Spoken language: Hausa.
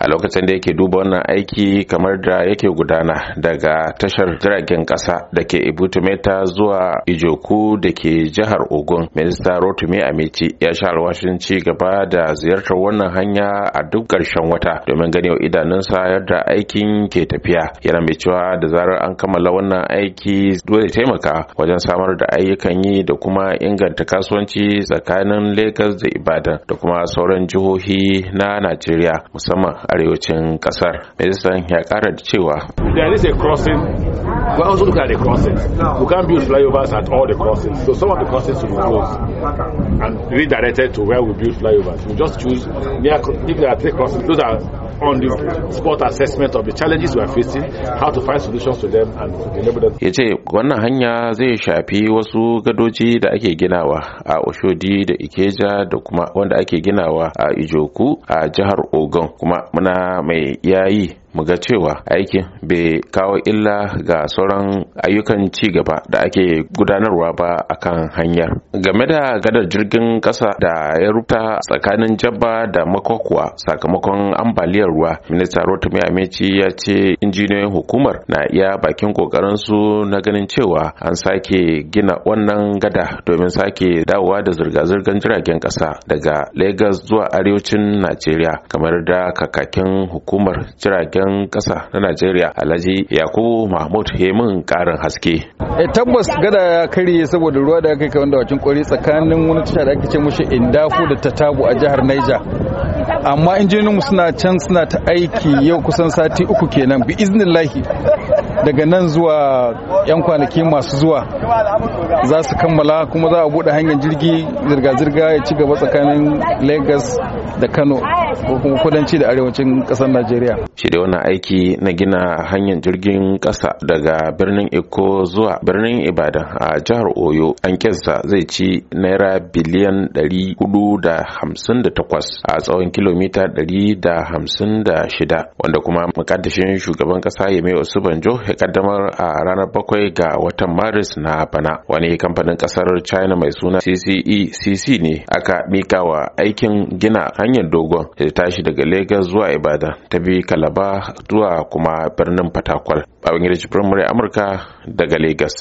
a lokacin da yake duba wannan aiki kamar da yake gudana daga tashar jiragen kasa da ke ibutumeta zuwa ijoku da ke jihar ogun minista rotumi amici ya sha alwashin ci gaba da ziyartar wannan hanya a duk ƙarshen wata domin gani wa idanunsa yadda aikin ke tafiya yana mai cewa da zarar an kammala wannan aiki dole taimaka wajen samar da ayyukan yi da kuma inganta kasuwanci tsakanin lagos da ibadan da kuma sauran jihohi na najeriya musamman arewacin kasar ministan ya kara da cewa there is a crossing we also look at the crossings we can't build flyovers at all the crossings so some of the crossings will be closed and redirected to where we build flyovers we just choose near if there are three crossings those are on the spot assessment of the challenges we are facing, how to find solutions to them and enable them. Ya ce wannan hanya zai shafi wasu gadoji da ake ginawa a oshodi da ikeja da kuma wanda ake ginawa a ijoku a jihar ogun kuma muna mai yayi muga cewa aikin bai kawo illa ga sauran ayyukan ci gaba da ake gudanarwa ba a kan hanyar game da gadar jirgin kasa da ya rubuta tsakanin jabba da makwakwa sakamakon ambaliyar ruwa minista rotimi ya ce injiniyoyin hukumar na iya bakin kokarin su na ganin ganin cewa an sake gina wannan gada domin sake dawowa da zirga-zirgar jiragen kasa daga Lagos zuwa arewacin Najeriya kamar da kakakin hukumar jiragen kasa na Najeriya Alhaji Yakubu Mahmud ya min karin haske. E tabbas gada ya karye saboda ruwa da aka kai wanda wakin kwari tsakanin wani tasha da ake ce mushi Indafu da Tatabu a jihar Niger amma injininmu suna can suna ta aiki yau kusan sati uku kenan bi iznillahi daga nan zuwa yan kwanaki masu zuwa za su kammala kuma za a buɗe hanyar jirgi zirga-zirga ya ci gaba tsakanin lagos da kano ko kuma kudanci da arewacin kasar najeriya shi da wannan aiki na gina hanyar jirgin kasa daga birnin eko zuwa birnin ibadan a jihar oyo an kesa zai ci naira biliyan 458 a tsawon kilomita 156 wanda kuma mukaddashin shugaban kasa yame osubanjo ya kaddamar a ranar bakwai ga watan maris na bana wani kamfanin kasar china mai suna ccecc e ne aka mika wa aikin gina hanyar dogon ta tashi daga Lagos zuwa Ibadan ta bi Kalaba zuwa kuma birnin Fatakwal. Babangida Jibrin Amurka daga Lagos.